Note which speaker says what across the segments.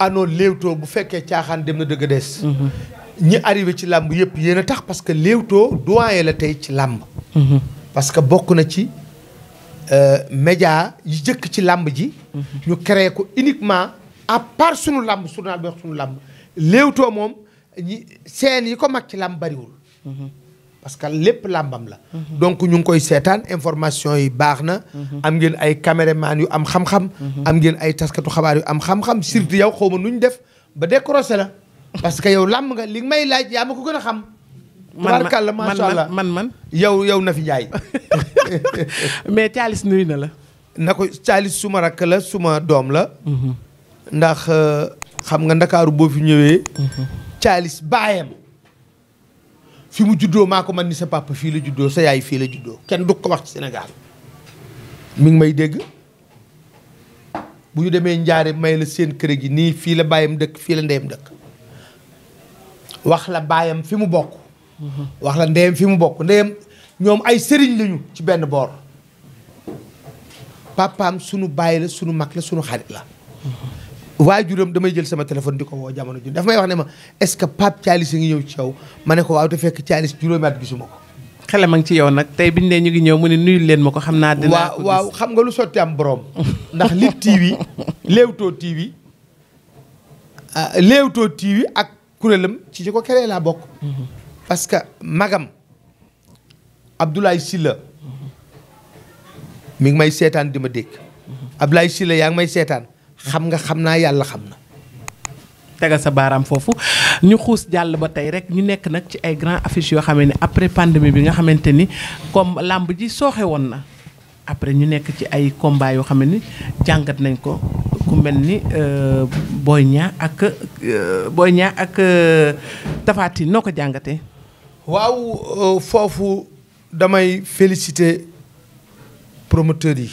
Speaker 1: anoo léewtoo bu fekkee caaxaan dem na dëgg des. Mm-hmm. ñi arrivé ci làmb yëpp yéen a tax parce que léewtoo doyen la tey ci làmb. Mm-hmm. parce que bokk na ci euh, média yi jëkk ci làmb ji. Mm-hmm. ñu créé ko uniquement à part sunu làmb journal bi wax sunu làmb léewtoo moom ñi seen yi ko mag ci làmb bariwul. parce que lépp làmbam la. donc ñu ngi koy seetaan information yi baax na. am ngeen ay caméraman yu am xam-xam. am ngeen ay taskatu xabaar yu am xam-xam surtout yow xaw ma nu ñu def ba décroché la parce que yow làmb nga li nga may laaj yaa ma ko gën a xam. tubaarkàlla macha allah man man yow yow na fi jaay. mais Thialis nuyu na la. na ko caalis suma rakk la suma doom la. Mhm. ndax euh, xam nga ndakaaru boo fi ñëwee. Mhm. Thialis baayam. fi mu juddoo maa ko man ni sa papa fii la juddoo sa yaay fii la juddoo kenn du ko wax ci Sénégal mu ngi may dégg bu ñu demee njaare may la seen kër gi nii fii la baayam dëkk fii la ndeyam dëkk wax la baayam fi mu bokk wax la ndeyam fi mu bokk ndeyam ñoom ay sëriñ lañu ci benn boor papaam sunu baay la sunu mag la sunu xarit la waajuram damay jël sama téléphone di ko woo jamono ju daf may wax ne ma est-ce que Pape Thialis a ngi ñëw ci yow ma ne ko waaw te fekk Thialis juróomi at gisuma ko. xale ma ngi ci yow nag tey biñ ne ñu ngi ñëw mu ne nuyul leen ma ko xam naa. dinaa ko waaw xam nga lu sotti am borom. ndax li TV Leewtoo TV Leewtoo TV ah, ak kuréelam ci ci ko keree laa bokk. parce que magam Abdoulaye Sylla mu ngi may seetaan di ma dégg. Abdoulaye Sylla yaa ngi may seetaan. xam nga xam naa yàlla xam na. tegal sa baaraam foofu ñu xuus jàll ba tey rek ñu nekk nag ci ay grand affiche yoo xam ni après pandémie bi nga xamante ni comme làmb ji sooxe woon na après ñu nekk ci ay combat yoo xam ni jàngat nañ ko ku mel ni euh, Boy Niang ak euh, Boy ak euh, Tapha Tine noo ko jàngate waaw foofu damay féliciter promoteurs yi.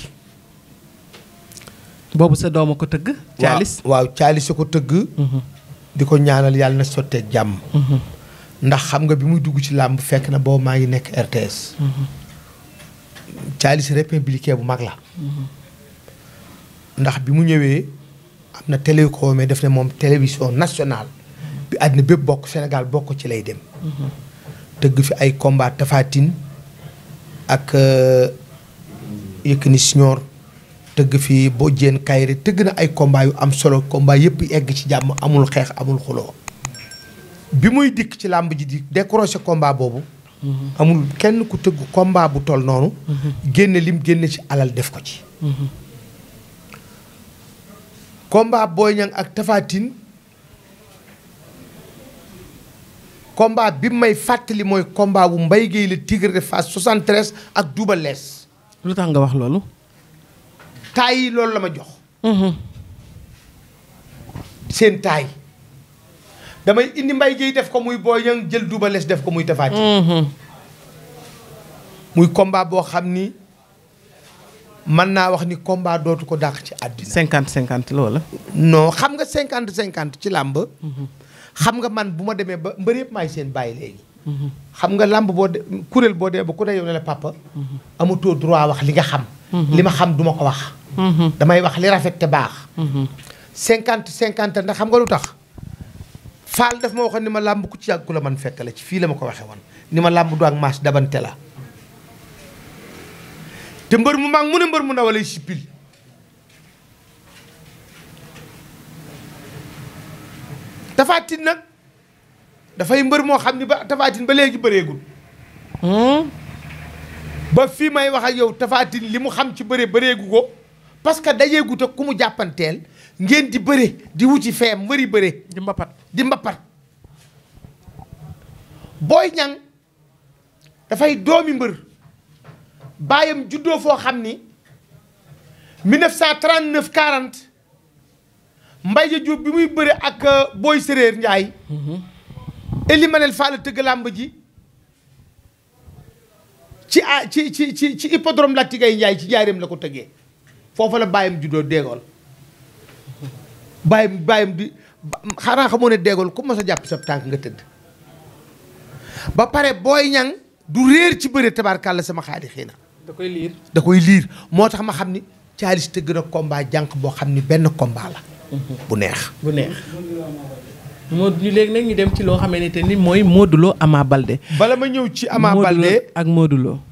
Speaker 1: boobu sa doom a ko tëgg. caalis waaw caalis a ko tëgg. Mhm. di ko ñaanal yàlla na sottee jàmm. Mhm. ndax xam nga bi muy dugg ci làmb fekk na boobu maa ngi nekk RTS. Mhm. caalis républicain bu mag la. ndax bi mu ñëwee am na télécom mais def ne moom télévision nationale. bi àddina bépp bokk Sénégal bokk ci lay dem. tëgg fi ay combat Tapha Tine ak euh, Yékini Senior tëgg fii boo jéen kayri tëgg na ay combat yu am solo combat yëpp egg ci jàmm amul xeex amul xuloo bi muy dikk ci làmb ji di décroché combat boobu mhm. amul kenn ku tëgg combat bu tol noonu mhm. lim génne ci alal def ko ci mhm. combat ak Tapha Tine combat bi may fàttali mooy combat bu mbay Guèye la Tigre de Fass 73 ak Double Less lu tax nga wax loolu taay yi loolu la ma jox. Mhm. seen taay. damay indi mbay géey def ko muy booy Niang jël Double def ko muy Tapha Tine. Mhm. muy combat boo xam ni mën naa wax ni combat dootu ko dàq ci àddina. cinquante cinquante loola. noo xam nga cinquante cinquante ci làmb. Mhm. xam nga man bu ma demee ba mbër yëpp maay seen bàyyi léegi. xam nga làmb boo de kuréel boo dee ba ku ne yow ne la papa. amatoo droit wax li nga xam. li ma xam duma ko wax. damay wax li rafet te baax. Mhm. cinquante cinquante ndax xam nga lu tax. faal daf ma waxoon ni ma làmb ku ci man fekk ci fii la ma ko waxee woon ni ma làmb du ak maas dabante la te mbër mu mag mu ne mbër mu ndaw lay sippil tafaatin nag dafay mbër moo xam ni ba tafaatin ba léegi bëreegul hmm? ba fii may wax ak yow tafaatin li mu xam ci bëre bëreegu ko parce que dajeegut ak ku mu jàppanteel ngeen di bëre di wuti feem mbëri bëre. di mbapat di mbapat. booy ñan dafay doomi mbër baayam juddoo foo xam ni 1939 40 mbay ja Diop bi muy bëre ak euh, booy séréer Ndiaye. Mm-hmm. Elimanel Fall tëgg làmb ji ci ci ci ci ci hippodrome Latigay Ndiaye ci jaareem la ko tëggee. foofa la bàyyam juddoo déegool bàyyam bàyyam di xanaa xamoo ne déegool ku mos a jàpp sab tànk nga tëdd ba pare booy ñaŋ du réer ci bëre tabarkàlla sama xaadi xii na da koy liir da koy liir moo tax ma xam ni caalis tëgg a combat jànq boo xam ni benn combat la bu neex bu neex moo ñu léegi nag dem ci loo xamante ni mooy Modou Lo Ama bala ma ñëw ci Ama Baldé ak Modou Lo